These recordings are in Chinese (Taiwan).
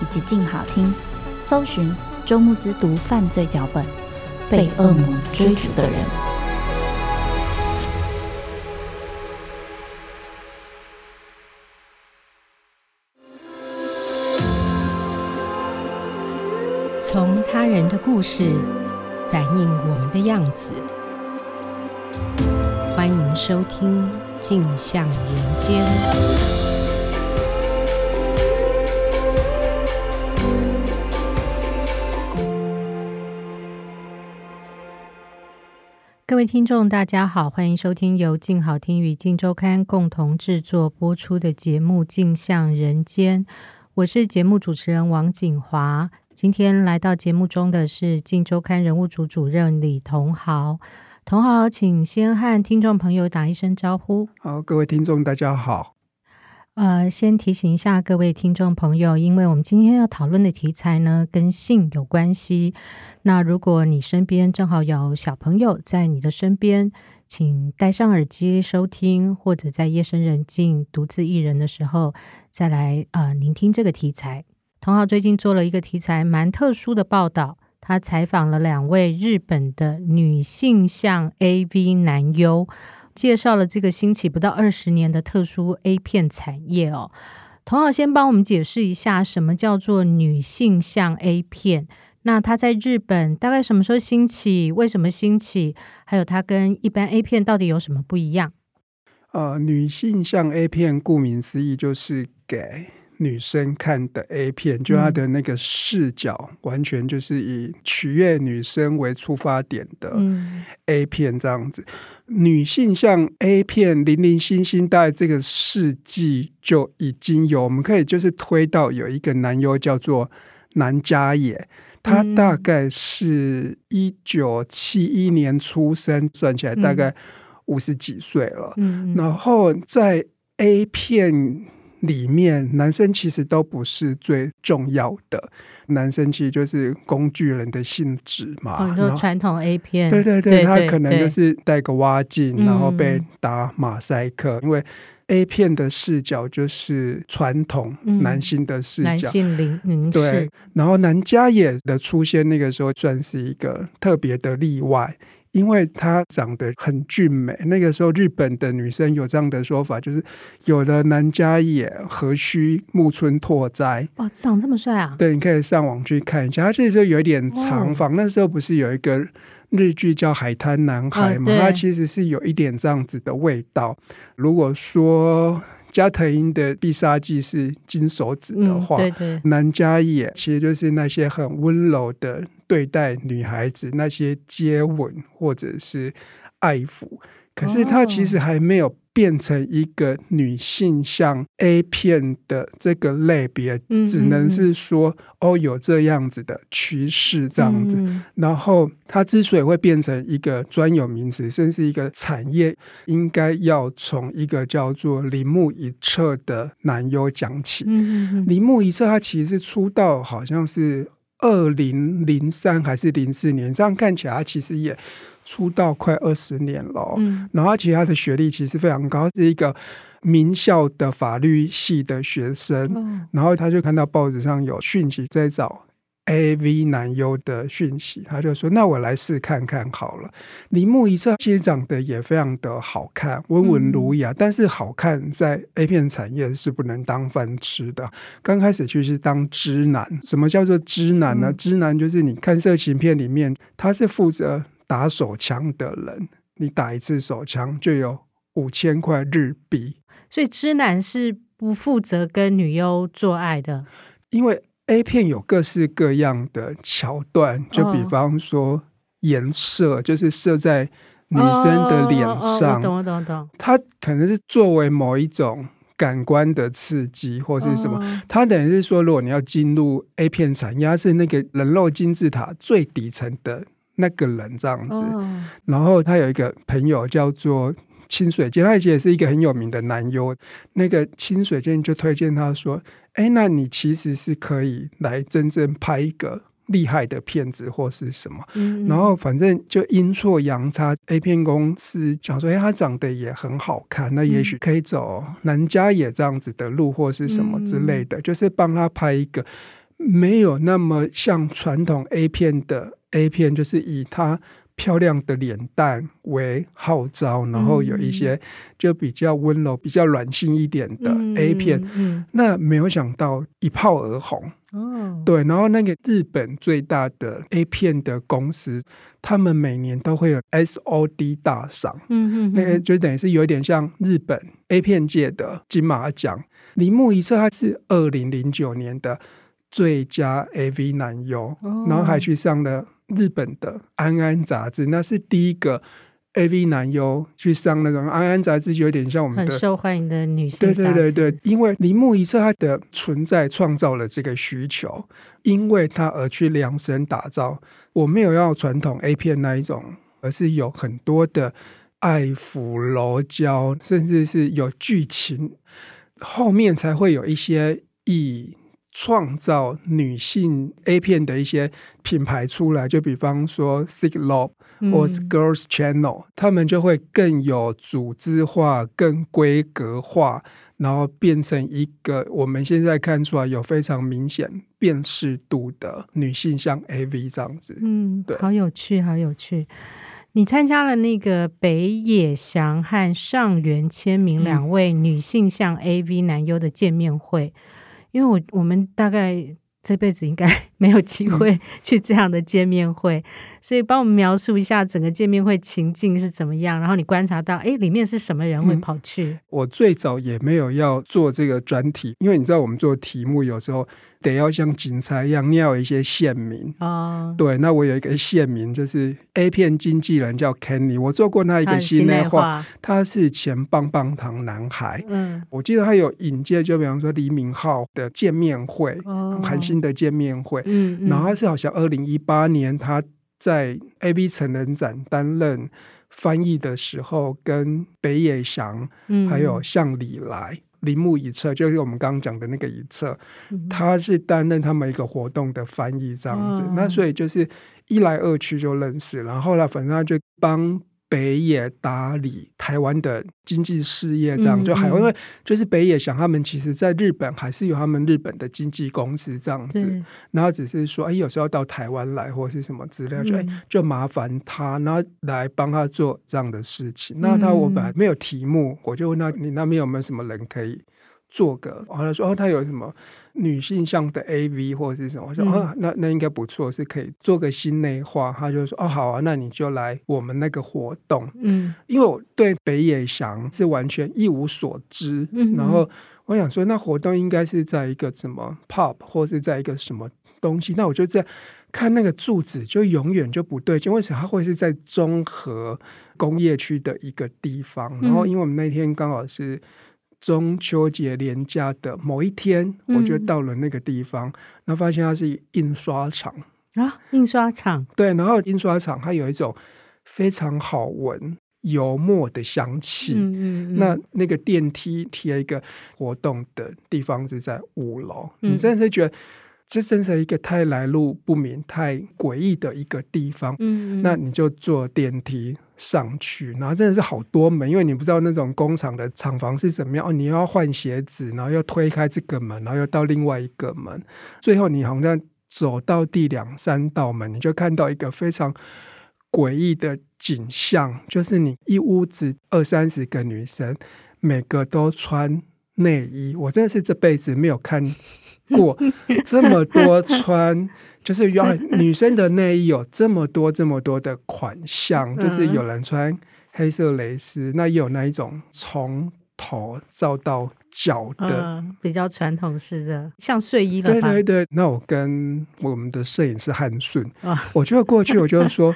以及鏡好聽，搜尋週末之毒犯罪腳本，《被惡魔追逐的人》。從他人的故事反映我們的樣子，歡迎收聽《鏡相人間》。各位聽眾，大家好，歡迎收聽由鏡好聽與鏡週刊共同制作播出的節目《鏡相人間》，我是節目主持人王景華。今天來到節目中的是鏡週刊人物組主,主任李桐豪，桐豪，請先和聽眾朋友打一聲招呼。好，各位聽眾，大家好。呃，先提醒一下各位聽眾朋友，因為我們今天要討論的題材呢，跟性有關係。那如果你身邊正好有小朋友在你的身邊，請戴上耳機收聽，或者在夜深人靜、獨自一人的時候，再來呃聆聽這個題材。童浩最近做了一個題材蠻特殊的報道，他採訪了兩位日本的女性向 AV 男優。介紹了這個興起不到二十年的特殊 A 片產業哦，童浩先幫我們解釋一下什麼叫做女性向 A 片？那它在日本大概什麼時候興起？為什麼興起？還有它跟一般 A 片到底有什麼不一樣？呃，女性向 A 片顧名思義就是給女生看的 A 片，就她的那個視角，完全就是以取悅女生為出發點的 A 片這樣子。女性向 A 片，零零星星，大概這個世紀就已經有。我們可以就是推到有一個男優叫做南加野，他大概是一九七一年出生，算起來大概五十幾歲了。嗯。然後在 A 片。裡面男生其實都不是最重要的，男生其實就是工具人的性質嘛。傳統 A 片，對對對。對對對，他可能就是戴個蛙鏡，對對對，然後被打馬賽克，嗯，因為 A 片的視角就是傳統男性的視角。嗯、男性凝視。對，然後男家也的出現，那個時候算是一個特別的例外。因為他長得很俊美，那個時候日本的女生有這樣的說法，就是有的南佳也何須木村拓哉哇，哦，長這麼帥啊？對，你可以上網去看一下，他那時候有一點長髮。哦。那時候不是有一個日劇叫《海灘男孩》嗎？哦？他其實是有一點這樣子的味道。如果說加藤鷹的必殺技是金手指的話，南、嗯、佳也其實就是那些很溫柔的。對待女孩子那些接吻或者是愛撫，可是她其實還沒有變成一個女性向 A 片的這個類別，只能是說，嗯嗯嗯，哦，有這樣子的趨勢這樣子。嗯嗯，然後她之所以會變成一個專有名詞，甚至一個產業，應該要從一個叫做鈴木一徹的男優講起。鈴、嗯嗯嗯、木一徹他其實出道好像是。二零零三還是零四年，這樣看起來他其實也出道快二十年了。嗯，然後他其實他的學歷其實非常高，是一個名校的法律系的學生。嗯，然後他就看到報紙上有訊息在找。A V 男優的訊息，他就說：“那我來試看看好了。林”鈴木一徹其實長得也非常的好看，溫文儒雅、嗯。但是好看在 A 片產業是不能當飯吃的。剛開始就是當汁男。什麼叫做汁男呢？嗯、汁男就是你看色情片裡面他是負責打手槍的人。你打一次手槍就有五千塊日幣。所以汁男是不負責跟女優做愛的，因為。A 片有各式各樣的橋段，就比方說顏射，oh, 就是射在女生的臉上，oh, oh, oh, oh, 懂、I、懂、I、懂。它可能是作為某一種感官的刺激，或是什麼。Oh, 它等於是說，如果你要進入 A 片產業，他是那個人肉金字塔最底層的那個人這樣子。Oh, 然後他有一個朋友叫做。清水健他以前也是一個很有名的男優，那個清水健就推薦他說：“哎、欸，那你其實是可以來真正拍一個厲害的片子，或是什麼。嗯”然後反正就陰錯陽差，A 片公司講說：“哎、欸，他長得也很好看，那也許可以走南佳也這樣子的路，或是什麼之類的，嗯、就是幫他拍一個沒有那麼像傳統 A 片的 A 片，就是以他。”漂亮的臉蛋為號召，然後有一些就比較溫柔、比較軟性一點的 A 片，嗯嗯嗯嗯、那沒有想到一炮而紅，哦。對，然後那個日本最大的 A 片的公司，他們每年都會有 SOD 大賞，嗯，嗯，嗯，那個就等於是有一點像日本 A 片界的金馬獎。鈴木一徹，他是二零零九年的最佳 AV 男優，哦、然後還去上了。日本的安安雜誌，那是第一個 AV 男優去上那種安安雜誌，有點像我們的很受歡迎的女生。對對對對，因為鈴木一徹他的存在創造了這個需求，因為它而去量身打造，我沒有要傳統 A 片那一種，而是有很多的愛撫、柔焦，甚至是有劇情，後面才會有一些意義。創造女性 A 片的一些品牌出來，就比方說 Sick Love 或者 Girls Channel，他、嗯、們就會更有組織化、更規格化，然後變成一個我們現在看出來有非常明顯辨識度的女性向 AV 這樣子。嗯，對，好有趣，好有趣。你參加了那個北野祥和上原千明兩位女性向 AV 男優的見面會。嗯因為我我們大概這輩子應該。 沒有機會去這樣的見面會，嗯，所以幫我們描述一下整個見面會情境是怎麼樣。然後你觀察到，哎，裡面是什麼人會跑去，嗯。我最早也沒有要做這個專題，因為你知道我們做題目有時候得要像警察一樣要一些線民哦，對，那我有一個線民，就是 A 片經紀人叫 Kenny，我做過那一個心內話，他是前棒棒堂男孩。嗯，我記得他有引薦，就比方說李敏鎬的見面會，哦，韓星的見面會。嗯，然後他是好像二零一八年他在 A B 成人展擔任翻譯的時候，跟北野祥還有向里來鈴木一徹就是我們剛剛講的那個一徹，他是擔任他們一個活動的翻譯這樣子。那所以就是一來二去就認識然後後來反正他就幫。北野打理台灣的經紀事業。這樣就還有，嗯嗯，因為就是北野想，他們其實在日本還是有他們日本的經紀公司這樣子，然後只是說哎、欸，有時候到台灣來或是什麼資料，就、欸、就麻煩他，然後來幫他做這樣的事情。那他，我本來沒有題目，我就問他，你那邊有沒有什麼人可以？做個，完了說哦，他有什麼女性向的 AV 或者是什麼？我說啊、哦，那那應該不錯，是可以做個心內話。他就說哦，好啊，那你就來我們那個活動。嗯，因為我對北野翔是完全一無所知。嗯，然後我想說，那活動應該是在一個什麼 pop，或是在一個什麼東西？那我就在看那個柱子，就永遠就不對勁。為什麼他會是在綜合工業區的一個地方？嗯、然後，因為我們那天剛好是。中秋節連假的某一天，我就到了那個地方，嗯、然後發現它是印刷廠啊，印刷廠，對，然後印刷廠它有一種非常好聞油墨的香氣嗯嗯嗯，那那個電梯貼一個活動的地方是在五樓，嗯、你真的是覺得。這真是一個太來路不明、太詭異的一個地方。嗯，嗯，那你就坐電梯上去，然後真的是好多門，因為你不知道那種工廠的廠房是怎麼樣、哦。你又要換鞋子，然後又推開這個門，然後又到另外一個門，最後你好像走到第兩三道門，你就看到一個非常詭異的景象，就是你一屋子二三十個女生，每個都穿內衣。我真的是這輩子沒有看。 過 這麼多穿，就是有女生的內衣有這麼多這麼多的款項，就是有人穿黑色蕾絲，那也有那一種從頭照到腳的，呃、比較傳統式的，像睡衣的，對對對。那我跟我們的攝影師漢順，哦、我覺得過去，我覺得說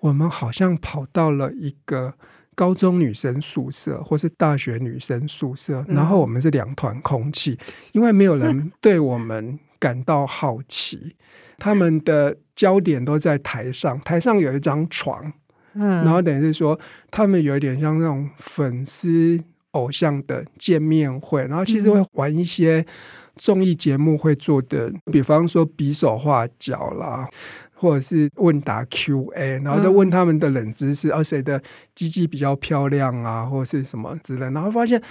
我們好像跑到了一個。高中女生宿舍，或是大學女生宿舍，然後我們是兩團空氣、嗯，因為沒有人對我們感到好奇、嗯，他們的焦點都在台上，台上有一張床，嗯，然後等於是說，他們有一點像那種粉絲偶像的見面會，然後其實會玩一些綜藝節目會做的，嗯、比方說比手畫腳啦。或者是問答 QA，然後就問他們的冷知識，嗯、啊誰的雞雞比較漂亮啊，或是什麼之類，然後發現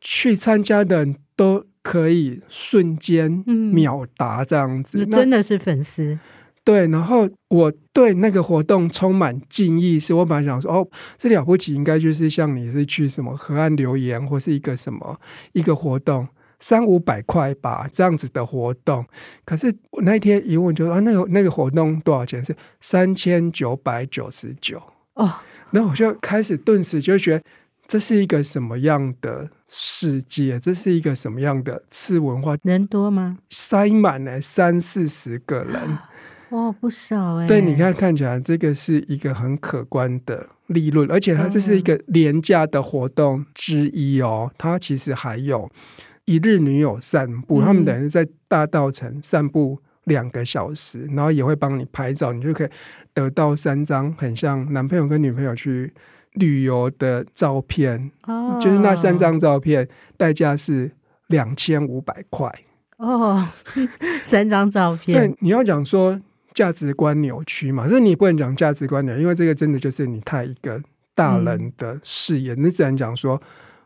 去參加的人都可以瞬間秒答這樣子，嗯、真的是粉絲。對，然後我對那個活動充滿敬意，是我本來想說哦，這了不起，應該就是像你是去什麼河岸留言，或是一個什麼一個活動，三五百塊吧，這樣子的活動。可是我那天一問，就說啊，那個那個活動多少錢是？是三千九百九十九哦。那、oh. 我就開始頓時就覺得，這是一個什麼樣的世界？這是一個什麼樣的次文化？人多嗎？塞滿了三四十個人，哦、oh. oh,，不少哎、欸。對，你看看起來這個是一個很可觀的利潤，而且它這是一個廉價的活動之一哦。Oh. 它其實還有。一日女友散步，他們等於在大道城散步兩個小時，嗯、然後也會幫你拍照，你就可以得到三張很像男朋友跟女朋友去旅遊的照片。哦、就是那三張照片，代價是兩千五百塊。哦，三張照片。 對，你要講說價值觀扭曲嘛？可是你不能講價值觀扭曲，因為這個真的就是你太一個大人的誓言。嗯、你只能講說。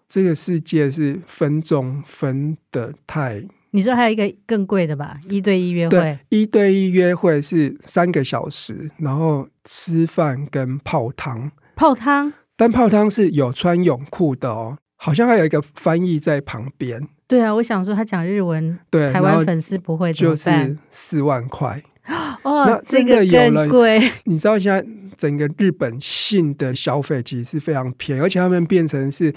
這個世界是分鐘分的太，你說還有一個更貴的吧？一對一約會。對，一對一約會是三個小時，然後吃飯跟泡湯。泡湯？但泡湯是有穿泳褲的哦，好像還有一個翻譯在旁邊。對啊，我想說他講日文，對台灣粉絲不會怎麼辦？就是四萬塊。哦，那這個有了更貴。你知道現在整個日本性的消費其實是非常便宜，而且他們變成是。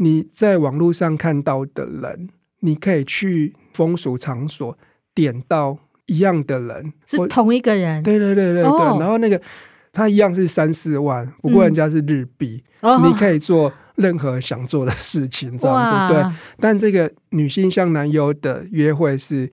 你在網絡上看到的人，你可以去風俗場所點到一樣的人，是同一個人。對對對對對，oh. 然後那個他一樣是三四萬，不過人家是日幣，嗯 oh. 你可以做任何想做的事情，這樣子，oh. 對。但這個女性向男優的約會是，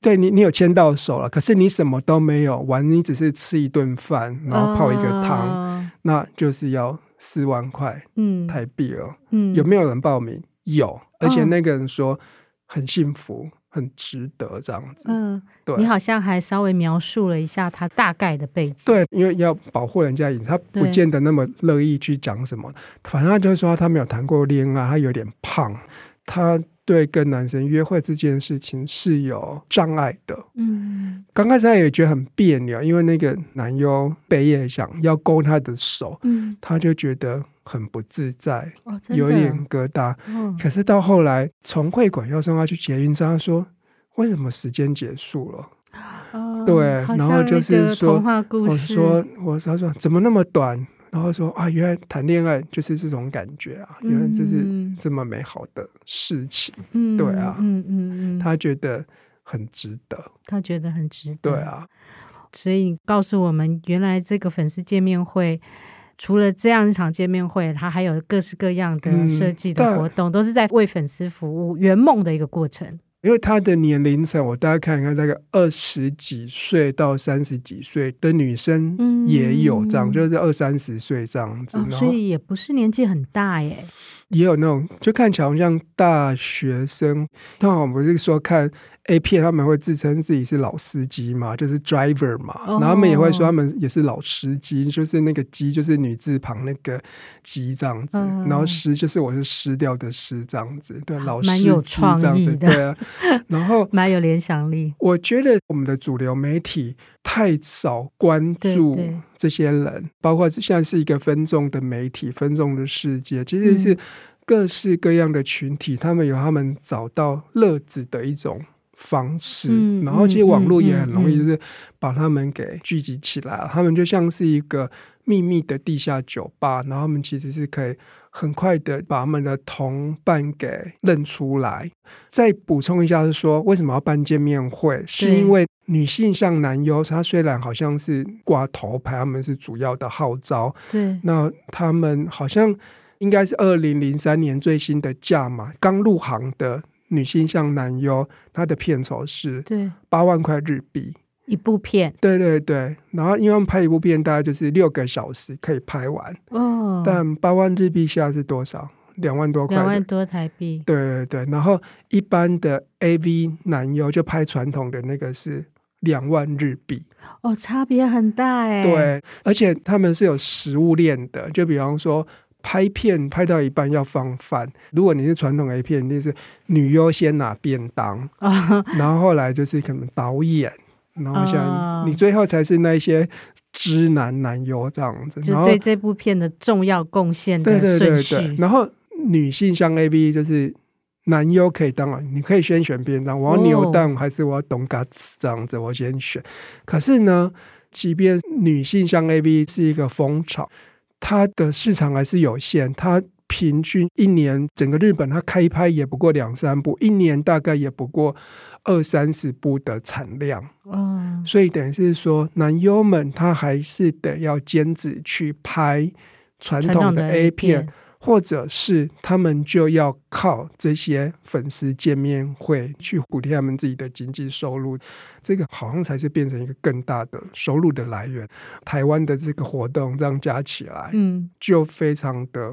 對，你你有牽到手了，可是你什麼都沒有，完，你只是吃一頓飯，然後泡一個湯，oh. 那就是要。四萬塊，台幣了，嗯，有沒有人報名，嗯？有，而且那個人說很幸福，哦，很值得這樣子。嗯、呃，對，你好像還稍微描述了一下他大概的背景。對，因為要保護人家隱私，他不見得那麼樂意去講什麼。反正他就說，他沒有談過戀愛，啊，他有點胖，他。對跟男生約會這件事情是有障礙的，嗯，剛開始他也覺得很彆扭，因為那個男優北野想要勾他的手，嗯，他就覺得很不自在，哦，真的有點疙瘩，嗯，可是到後來從會館要送他去捷運站，他說，為什麼時間結束了，嗯，對，然後就是說，我說，我說，他說，怎麼那麼短？然後說啊，原來談戀愛就是這種感覺啊，原來就是這麼美好的事情，嗯、對啊，嗯嗯嗯，嗯，他覺得很值得，他覺得很值得，對啊，所以你告訴我們，原來這個粉絲見面會除了這樣一場見面會，他還有各式各樣的設計的活動，嗯、都是在為粉絲服務、圓夢的一個過程。因為他的年齡層，我大概看一看，大概二十幾歲到三十幾歲的女生也有這樣，就是二三十歲這樣子，所以也不是年紀很大耶，也有那種就看起來好像大學生。那我們不是說看。A 片他們會自稱自己是老司機嘛，就是 driver 嘛，oh. 然後他們也會說他們也是老司機，就是那個機就是女字旁那個機這樣子，oh. 然後失就是我是失掉的失這樣子，對，老師機這樣子，蠻有創意的 這樣子，對。然後蠻有聯想力。我覺得我們的主流媒體太少關注這些人，對對，包括現在是一個分眾的媒體，分眾的世界，其實是各式各樣的群體，嗯，他們有他們找到樂子的一種方式，嗯，然後其實網絡也很容易，就是把他們給聚集起來了，嗯嗯嗯。他們就像是一個秘密的地下酒吧，然後他們其實是可以很快的把他們的同伴給認出來。再補充一下，是說為什麼要辦見面會？是因為女性向男優，他雖然好像是掛頭牌，他們是主要的號召。對，那他們好像應該是二零零三年最新的價碼，剛入行的。女性向男優，她的片酬是，八萬塊日幣，一部片，對對對。然後，因為拍一部片，大概就是六個小時可以拍完，哦、但八萬日幣現在是多少？兩萬多塊，兩萬多台幣。對對對。然後，一般的 AV 男優就拍傳統的那個是兩萬日幣，哦，差別很大哎、欸。對，而且他們是有食物鏈的，就比方說。拍片拍到一半要放飯。如果你是傳統 A 片，一定是女優先拿便當 然後後來就是可能導演，然後像你最後才是那些知男男優這樣子。就對這部片的重要貢獻的順序，對對對，對，對然後女性向 AV 就是男優可以當然你可以先選便當，我要扭蛋，哦、還是我要懂嘎子這樣子我先選。可是呢，即便女性向 AV 是一個風潮。它的市場還是有限，它平均一年整個日本它開拍也不過兩三部，一年大概也不過二三十部的產量，所以等於是說男優們他還是得要兼職去拍傳統的 A 片。或者是他們就要靠這些粉絲見面會去補貼他們自己的經濟收入，這個好像才是變成一個更大的收入的來源。台灣的這個活動這樣加起來，嗯，就非常的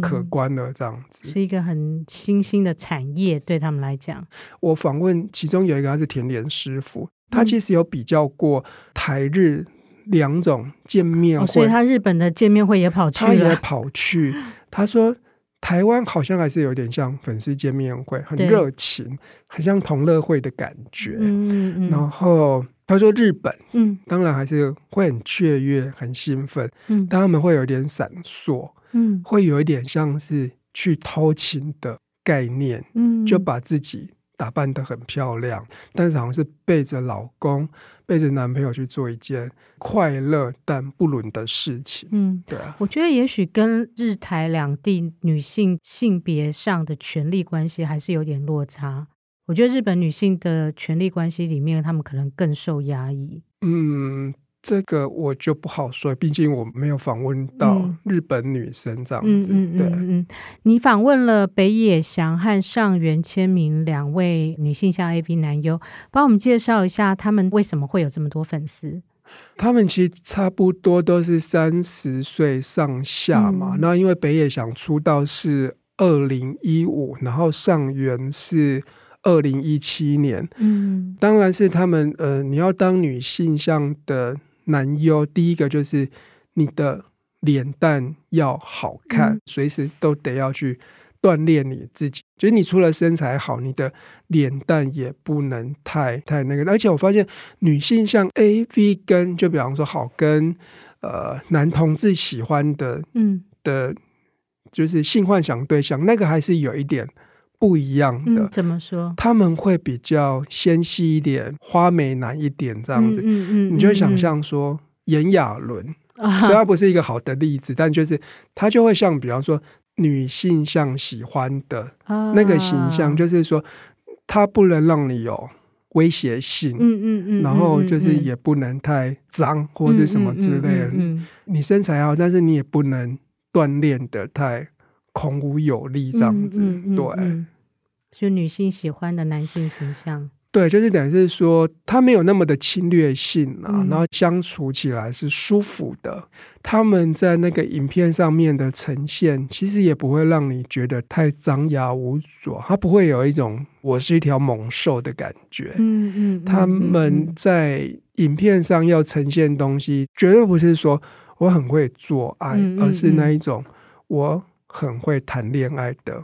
可觀了。嗯、這樣子是一個很新興的產業，對他們來講。我訪問其中有一個他是田連師傅，他其實有比較過台日。兩種見面會，哦，所以他日本的見面會也跑去，他也跑去。他說台灣好像還是有點像粉絲見面會，很熱情，很像同樂會的感覺。嗯嗯、然後他說日本，嗯，當然還是會很雀躍，很興奮。嗯。但他們會有點閃爍，嗯，會有一點像是去偷情的概念。嗯，就把自己。打扮得很漂亮，但是好像是背着老公，背着男朋友去做一件快樂但不倫的事情。嗯，對啊。我覺得也許跟日台兩地女性性別上的權力關係還是有點落差。我覺得日本女性的權力關係裡面，她們可能更受壓抑。嗯。這個我就不好說，畢竟我沒有訪問到日本女生這樣子。嗯嗯、嗯、嗯、嗯你訪問了北野祥和上原千明兩位女性向 A V 男優，幫我們介紹一下他們為什麼會有這麼多粉絲？他們其實差不多都是三十歲上下嘛。那、嗯、因為北野祥出道是二零一五，然後上原是二零一七年。嗯，當然是他們呃，你要當女性向的。男優第一個就是你的臉蛋要好看，嗯、隨時都得要去鍛鍊你自己。就是你除了身材好，你的臉蛋也不能太太那個。而且我發現女性像 A V 跟，就比方說好跟呃男同志喜歡的，嗯的，就是性幻想對象，那個還是有一點。不一樣的、嗯，怎麼說？他們會比較纖細一點，花美男一點這樣子。嗯嗯嗯、你就想象說，炎亞綸，雖然不是一個好的例子，啊、但就是他就會像，比方說女性向喜歡的、啊、那個形象，就是說，他不能讓你有威脅性、嗯嗯嗯嗯。然後就是也不能太髒或是什麼之類的。嗯嗯嗯嗯嗯、你身材好，但是你也不能鍛鍊得太。孔武有力這樣子，對、嗯嗯嗯，就女性喜歡的男性形象，對，就是等於是說他沒有那麼的侵略性啊、嗯，然後相處起來是舒服的。他們在那個影片上面的呈現，其實也不會讓你覺得太張牙舞爪，他不會有一種我是一條猛獸的感覺。嗯嗯、嗯，他們在影片上要呈現東西，絕對不是說我很會做愛，嗯嗯嗯、而是那一種我。很會談戀愛的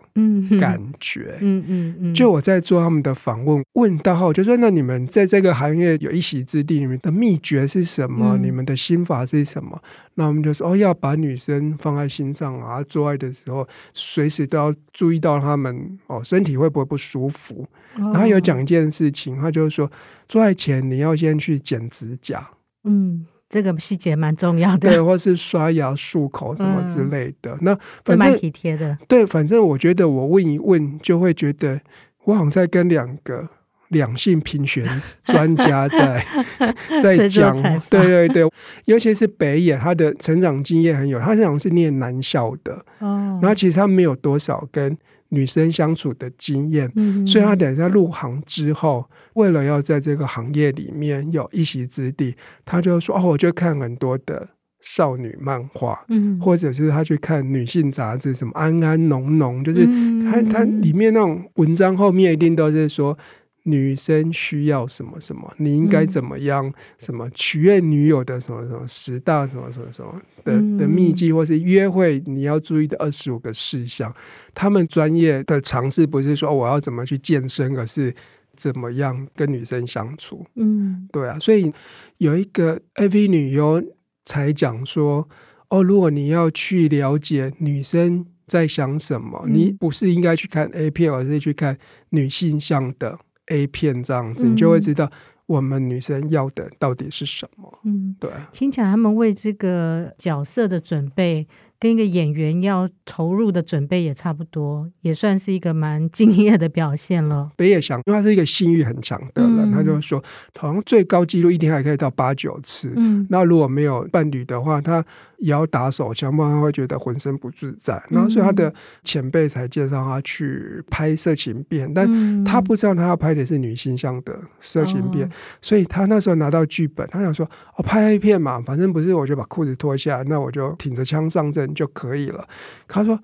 感覺，嗯嗯，就我在做他們的訪問，問到後就說，那你們在這個行業有一席之地，你們的祕訣是什麼？嗯、你們的心法是什麼？那我們就說，哦，要把女生放在心上啊，做愛的時候隨時都要注意到他們哦，身體會不會不舒服？哦、然後有講一件事情，他就是說，做愛前你要先去剪指甲，嗯。這個細節蠻重要的，對，或是刷牙漱口什麼之類的。嗯、那反蠻體貼的，對，反正我覺得我問一問就會覺得我好像在跟兩個兩性平權專家在 在講，對對對。尤其是北野，他的成長經驗很有，他好像是念男校的，嗯、哦，然後其實他沒有多少跟。女生相處的經驗，嗯，所以她等一下入行之後，為了要在這個行業裡面有一席之地，她就說：“哦，我就看很多的少女漫畫，嗯，或者是她去看女性雜誌，什麼安安濃濃，就是她她，嗯，裡面那種文章後面一定都是說。”女生需要什麼什麼？你應該怎麼樣？什麼取悅女友的什麼什麼十大什麼什麼什麼的的秘籍，或是約會你要注意的二十五個事項。嗯，他們專業的嘗試不是說我要怎麼去健身，而是怎麼樣跟女生相處。嗯，對啊。所以有一個 AV 女優才講說，哦，如果你要去了解女生在想什麼，嗯，你不是應該去看 A 片，而是去看女性向的。A 片這樣子，你就會知道我們女生要的到底是什麼？嗯，對。聽起來他們為這個角色的準備，跟一個演員要投入的準備也差不多，也算是一個蠻敬業的表現了。嗯、北野祥，因為他是一個性欲很強的人，人、嗯，他就說，好像最高紀錄一天還可以到八九次。嗯，那如果沒有伴侶的話，他。也要打手槍，不然會覺得渾身不自在。然、嗯、後，所以他的前輩才介紹他去拍色情片，但他不知道他要拍的是女性向的色情片、嗯。所以他那時候拿到劇本，他想說：“我、哦、拍一片嘛，反正不是我就把褲子脫下來，那我就挺着槍上陣就可以了。”他說。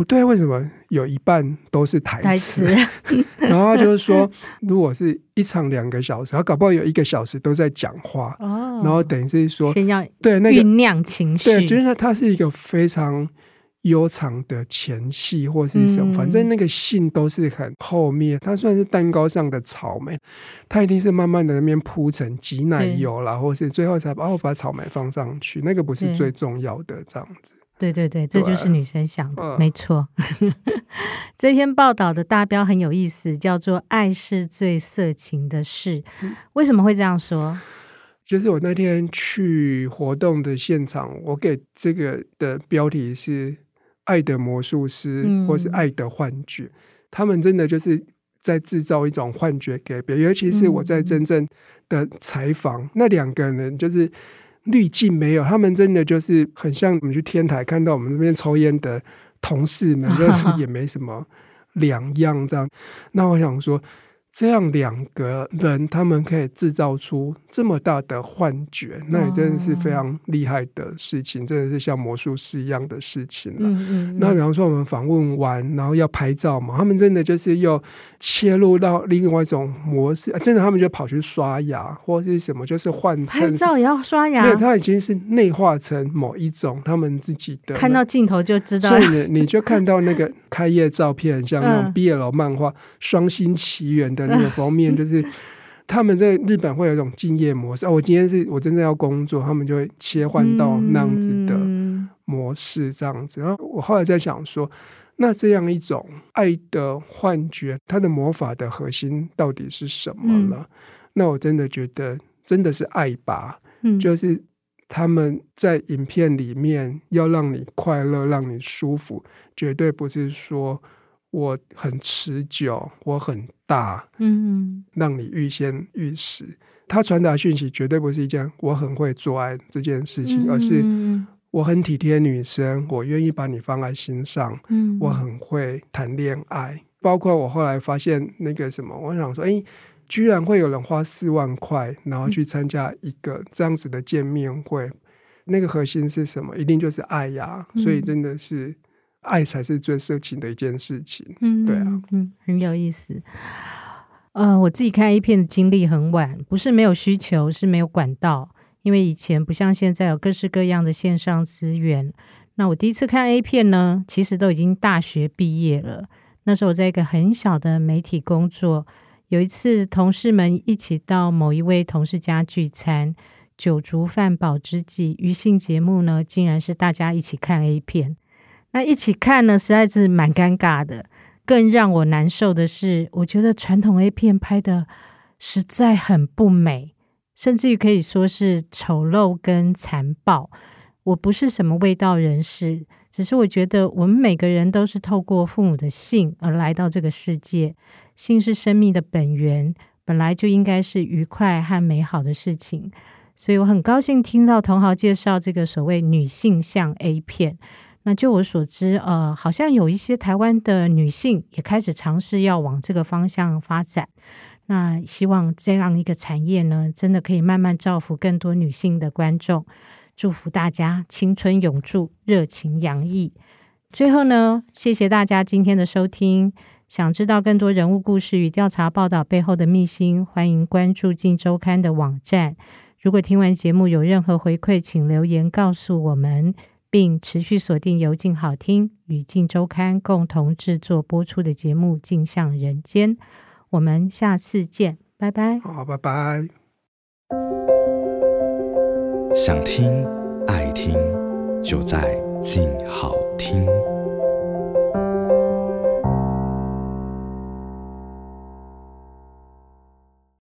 不對，為什麼有一半都是台詞？台詞 然後他就是說，如果是一場兩個小時，他搞不好有一個小時都在講話。哦、然後等於是說，先要對那個醞釀情緒。對，那個、對就是他它是一個非常悠長的前戲，或是什麼，嗯、反正那個戲都是很後面。它算是蛋糕上的草莓，它一定是慢慢的那邊鋪成擠奶油啦，或是最後才把我、哦、把草莓放上去。那個不是最重要的，這樣子。對對對，對、啊，這就是女生想的，啊、沒錯。 這篇報道的大標很有意思，叫做“愛是最色情的事”嗯。為什麼會這樣說？就是我那天去活動的現場，我給這個的標題是“愛的魔術師”或是“愛的幻覺”。嗯、他們真的就是在制造一種幻覺給別人，尤其是我在真正的採訪、嗯、那兩個人，就是。濾鏡沒有，他們真的就是很像我們去天台看到我們這邊抽煙的同事們，也、就是也沒什麼兩樣這樣。 那我想說。這樣兩個人，他們可以製造出這麼大的幻覺，那也真的是非常厲害的事情，哦、真的是像魔術師一樣的事情了嗯嗯。那比方說我們訪問完，然後要拍照嘛，他們真的就是又切入到另外一種模式，啊、真的他們就跑去刷牙或是什麼，就是換成拍照也要刷牙，對，他已經是內化成某一種他們自己的，看到鏡頭就知道了，所以你你就看到那個。 開業照片像那種 BL 漫畫《嗯、雙星奇緣》的那個封面，就是他們在日本會有一種敬業模式啊、 哦，我今天是我真正要工作，他們就會切換到那樣子的模式這樣子，嗯。然後我後來在想說，那這樣一種愛的幻覺，它的魔法的核心到底是什麼了？嗯、那我真的覺得真的是愛吧，嗯、就是。他們在影片裡面要讓你快樂，讓你舒服，絕對不是說我很持久，我很大，嗯，讓你欲仙欲死。他傳達訊息絕對不是一件我很會做愛這件事情，而是我很體貼女生，我願意把你放在心上，我很會談戀愛、嗯。包括我後來發現那個什麼，我想說，哎、欸。居然會有人花四萬塊，然後去參加一個這樣子的見面會，嗯、那個核心是什麼？一定就是愛呀、啊！所以真的是愛才是最色情的一件事情。嗯，對啊，嗯，很有意思。呃，我自己看 A 片的經歷很晚，不是沒有需求，是沒有管道。因為以前不像現在有各式各樣的線上資源。那我第一次看 A 片呢，其實都已經大學畢業了。那時候我在一個很小的媒體工作。有一次，同事們一起到某一位同事家聚餐，酒足飯飽之際，餘興節目呢，竟然是大家一起看 A 片。那一起看呢，實在是蠻尷尬的。更讓我難受的是，我覺得傳統 A 片拍得實在很不美，甚至於可以說是醜陋跟殘暴。我不是什麼衛道人士，只是我覺得我們每個人都是透過父母的性而來到這個世界。性是生命的本源，本來就應該是愉快和美好的事情。所以我很高興聽到同行介紹這個所謂女性向 A 片。那據我所知，呃，好像有一些台灣的女性也開始嘗試要往這個方向發展。那希望這樣一個產業呢，真的可以慢慢造福更多女性的觀眾。祝福大家青春永駐，熱情洋溢。最後呢，謝謝大家今天的收聽。想知道更多人物故事與調查報道背後的秘辛，歡迎關注《鏡週刊》的網站。如果聽完節目有任何回饋，請留言告訴我們，並持續鎖定由“鏡好聽”與《鏡週刊》共同製作播出的節目《鏡相人間》。我們下次見，拜拜。好，拜拜。想聽愛聽，就在“鏡好聽”。